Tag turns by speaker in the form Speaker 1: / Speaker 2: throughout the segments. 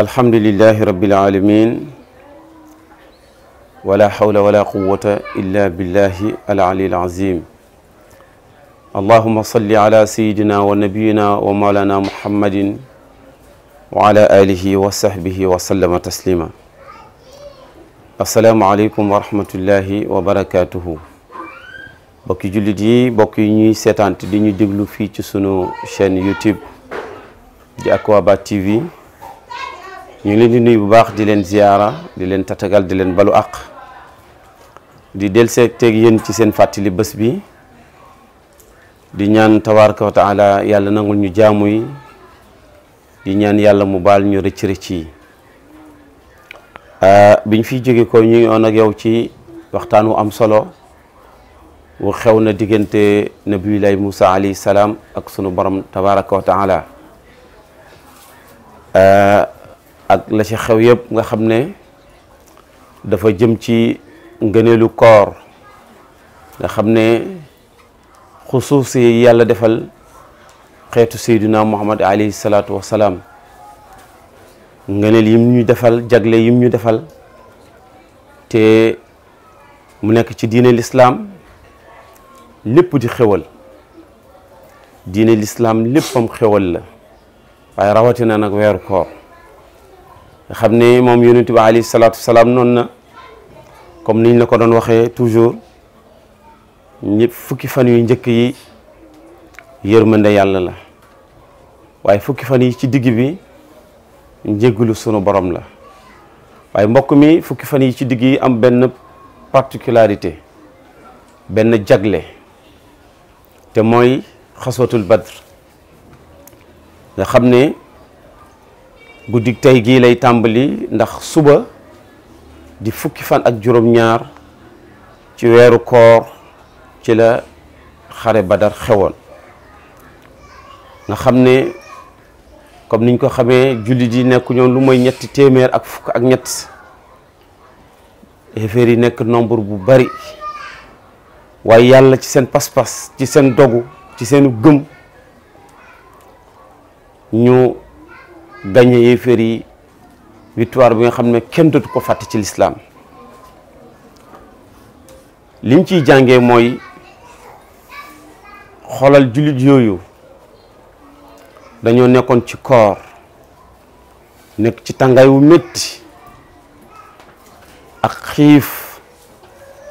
Speaker 1: الحمد لله رب العالمين ولا حول ولا قوة إلا بالله العلي العظيم اللهم صل على سيدنا ونبينا ومولانا محمد وعلى آله وصحبه وسلم تسليما السلام عليكم ورحمة الله وبركاته بكي جلدي بكي bokk yi ñuy seetaante di في déglu fii يوتيوب sunu chaîne YouTube TV ñu leen di nuy bu baax di leen ziyaara di leen tatagal di leen balu àq di delluseeg teeg yéen ci seen fàttali bés bi di ñaan tabaaraka wa yàlla nangul ñu jaamu yi di ñaan yàlla mu baal ñu rëcc rëcc yi euh, biñ fi jóge ko ñu ngi oon yow ci waxtaan wu am solo wu xew na diggante nabiyulay Moussa alayhi salaam ak sunu borom tabaaraka wa ak la ci xew yeb nga xamne dafa jëm ci ngeenelu koor nga xamne khususi yàlla defal xetu sayyidina muhammad ali salatu wassalam ngeenel yim ñu defal jagle yim ñu defal te mu nek ci diine l'islam lépp di xewal diine l'islam léppam xewal la rawati na nak wer koor xamné mom ne ali salatu salam non na comme niñ la ko don waxé toujours ñëpp fukki fan yu njëkk yi yërmande yàlla la way fukki fan yi ci digg bi njéggalu sunu borom la way mbokk mi fukki fan yi ci digg yi am ben particularité ben jagle te moy xaswatul badr nga xamné guddig tay Itambili, lay tambali ndax suba di fukki fan ak jurom ñaar ci wéru koor ci la xare badar xewon nga xam comme niñ ko xamé julli di nekk ñoon lu moy ñetti témèr ak fuk ak ñett éféri nekk nombre bu bari waaye yalla ci sen pas-pas ci sen dogu ci sen gëm ñu gañe yéeféer yi victoire bi nga xam ne kenn dootu ko fàtte ci lislaam liñ ciy jànge mooy xoolal jullit yooyu dañoo nekkoon ci koor nekk ci tàngaay wu métti ak xiif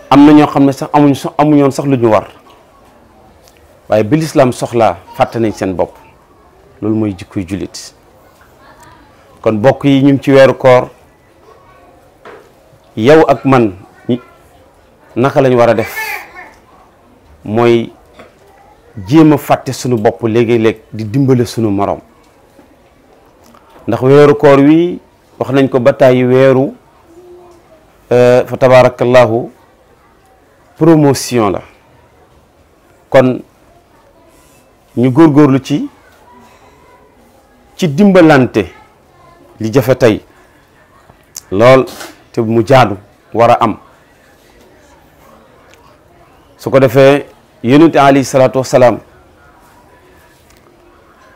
Speaker 1: am na ñoo xam ne sax amuñ sax amuñoon sax lu ñu war waaye bi lislaam soxlaa fàtte nañ seen bopp loolu mooy jikkoy jullit kon bokk yi ñu ci weeru koor yow ak man naka lañ war a def mooy jéem a fàtte sunu bopp léegi-léeg di dimbale sunu moroom ndax weeru koor wi wax nañ ko ba tàyyi weeru euh, fa tabarakallahu promotion la kon ñu góor góorlu ci ci dimbalante li jafe tay lol te mu jaadu wara am su ko défé yunus ali salatu wassalam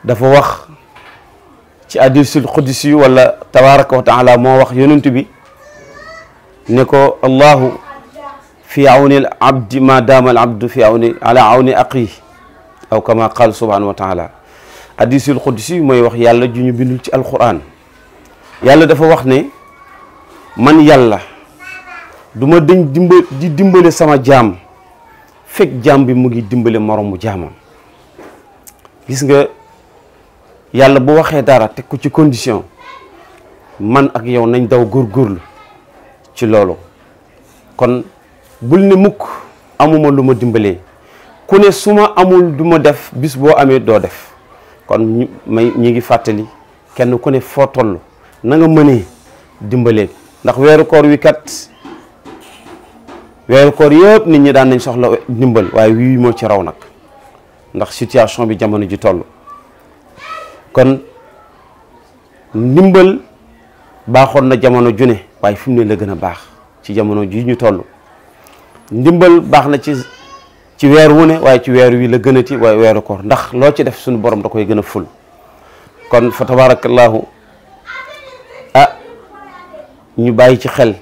Speaker 1: dafa wax ci hadiisul qudsi wala tabaaraka wa taala mo wax yunus bi ne ko allahu fi awni al abdi ma daama al abdu fi awni ala awni aqihi aw kama qaal subhanahu wa taala hadiisul qudsi mooy wax yàlla ju bindul ci alquran yàlla dafa wax ne man yàlla du ma dañ di dimbale sama jaam fekk jaam bi mu ngi dimbale moroomu jaamam gis nga yàlla bu waxee dara teg ku ci condition man ak yow nañ daw góor góorlu ci loolu kon bul ne mukk amuma lu ma dimbalee ku ne su ma amul du ma def bis boo amee doo def kon may ñi ngi fàttali kenn ku ne foo toll na nga mënee dimbalee ndax weeru koor wi kat weeru koor yëpp nit ñi daan nañ soxla ndimbal waaye wii moo ci raw nag ndax situation bi jamono ji toll kon ndimbal baaxoon na jamono ju ne waaye fi mu ne la gën a baax ci jamono ji ñu toll ndimbal baax na ci ci weer wu ne waaye ci weer wi la gën a ti waaye weeru koor ndax loo ci def suñu borom da koy gën a ful kon fa tabaarakallaahu ñu bàyyi ci xel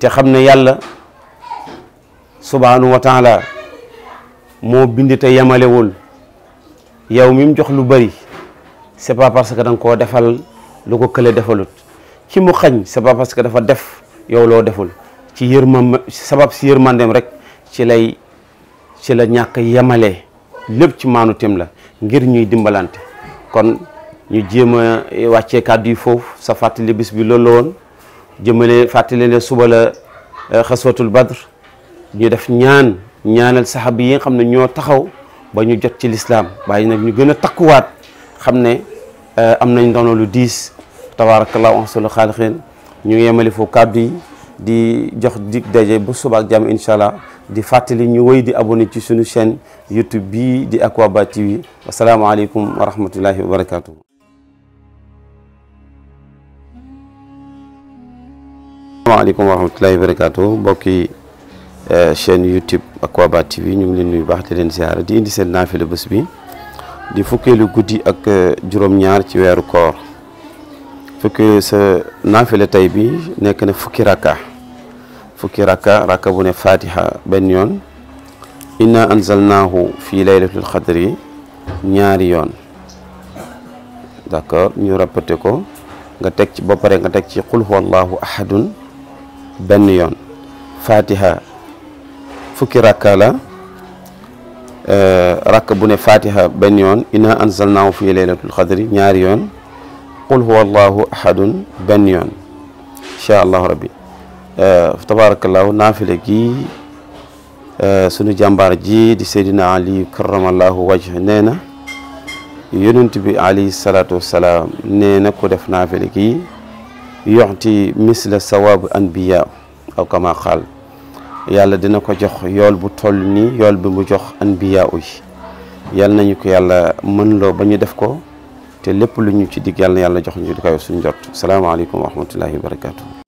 Speaker 1: te xam ne yàlla subhaanahu wa moo bind te yamalewul yow mi mu jox lu bëri c'est pas que da koo defal lu ko kële defalut ci mu xañ que dafa def yow loo deful ci yërmam sabab si yërmandem rek ci lay ci la ñàkk yemale lépp ci maanu la ngir ñuy dimbalante kon ñu jéem a wàccee kàddu yi foofu sa fàttali bis bi loolu la woon jëmele fàttali ne suba la khaswatul badr ñu def ñaan ñaanal sahabi yi xamne ño taxaw ba ñu jot ci l'islam waaye nak ñu gëna a takkuwaat xam am nañ ndono lu diis tabaarakallaahu ahsanul khalikhin ñu yemele fu kàddu yi di jox dig daje bu suba ak jàmm inshallah di fàttali ñu wéy di abonné ci suñu chaîne YouTube bi di Akwaba TV assalamu alaykum wa rahmatullahi wa barakatuh السلام عليكم ورحمة الله وبركاته بوكي شين يوتيوب أكوابا تي في نيغي نوي باخ دي لين زيارة دي اندي سن نافي لو دي فوكي لو غودي اك جوروم نيار تي ويرو كور فوكي س نافي لي تاي بي نيك نا فوكي راكا فاتحه بن ان انزلناه في ليله القدر نيار يون داكور نيو رابوتيكو nga tek ci bop rek benn yoon fatiha fukki rakka la rakk bu ne fatiha benn yoon inna anzalnaahu fi laylatul xadri ñaari yoon qul huwa allahu ahadun benn yoon incha allahu rabbi tabarakallahu naafile gi sunu jàmbaar ji di seydina ali karamallahu wajh nee na yonent bi alayhi salaatu wasalaam nee na ku def naafile gi yoxti misla sawaabu anbiya aw kama xaal yàlla dina ko jox yool bu toll nii yool bi mu jox anbiya yi yàlla nañu ko yàlla mën loo ba ñu def ko te lépp lu ñu ci dig yàlla yàlla jox ñu di koy suñ jot salaamaaleykum wa rahmatullahi wa barakaatu.